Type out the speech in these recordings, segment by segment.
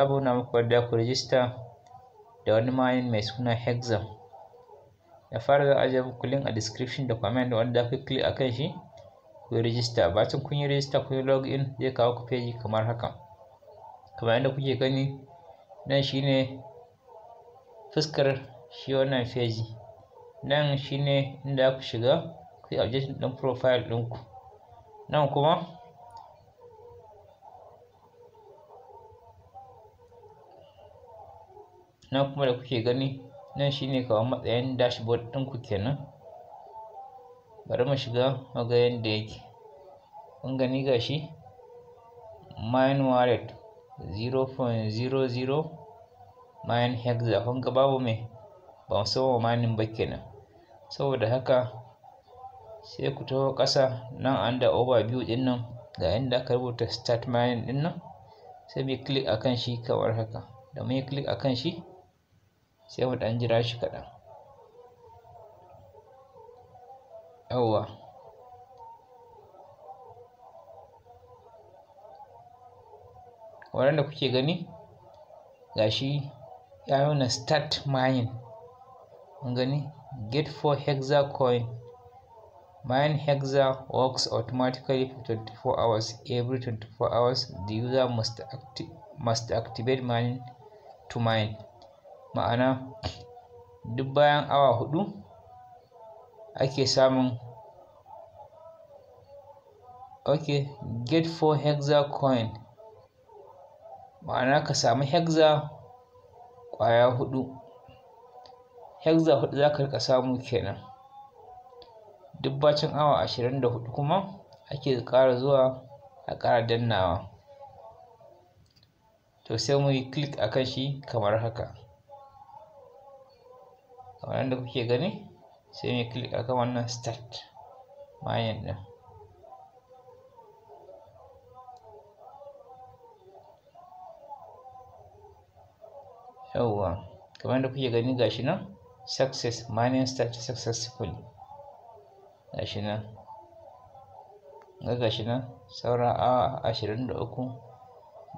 Sabo na muku da ku rijista da wani mayan mai suna Hexam. Da fara za a ajiye muku link a description da comment wanda ku click a kan shi ku yi rijista. Bacin kun yi rijista ku yi in zai kawo ku feji kamar haka. Kamar yadda kuke gani nan shine fuskar shi wannan feji. Nan shine inda ku shiga ku yi updating ɗin profile ɗinku. Nan kuma nan kuma da kuke gani nan shine kamar matsayin dashboard ku kenan bari mu shiga mu ga yanda yake kun gani gashi mine wallet 0.00 mine hexa kun ga babu mai ba mu saba mining ba kenan saboda haka sai ku taho ƙasa nan under overview ɗin nan ga inda aka rubuta start mining ɗin nan sai mu click akan shi kamar haka da mun yi click akan shi sai mu ɗan jira shi kaɗan yawwa waɗanda kuke gani gashi ya nuna start mining mun gani get for hexa coin mine hexa works automatically for 24 hours every 24 hours the user must, acti must activate mining to mine ma'ana duk bayan awa huɗu ake samun ok get 4 hexa coin ma'ana ka samu hexa ƙwaya huɗu hexa huɗu za ka riƙa samu kenan duk bacin awa ashirin huɗu kuma ake kara zuwa a kara dannawa to sai mu yi click akan shi kamar haka kamar da kuke gani sai mai click akan wannan start bayan din yawwa kamar yadda kuke gani gashi nan success mining start successfully gashi nan gashi nan saura awa ashirin da uku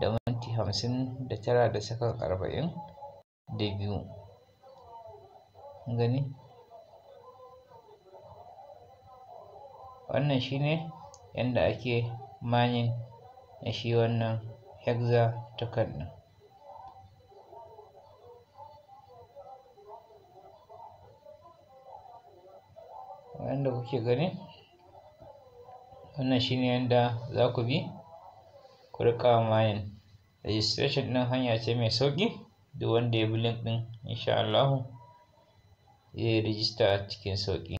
da minti hamsin da tara da sakan arba'in da biyu gani wannan ne yanda ake manyan na shi wannan hexa tukan ɗin yanda kuke gani wannan shi ne yanda za ku bi ku riƙa manyan registration ɗin hanya ce mai sauƙi duk wanda ya bi link ɗin insha Allahu zai yi rijista cikin sauƙi.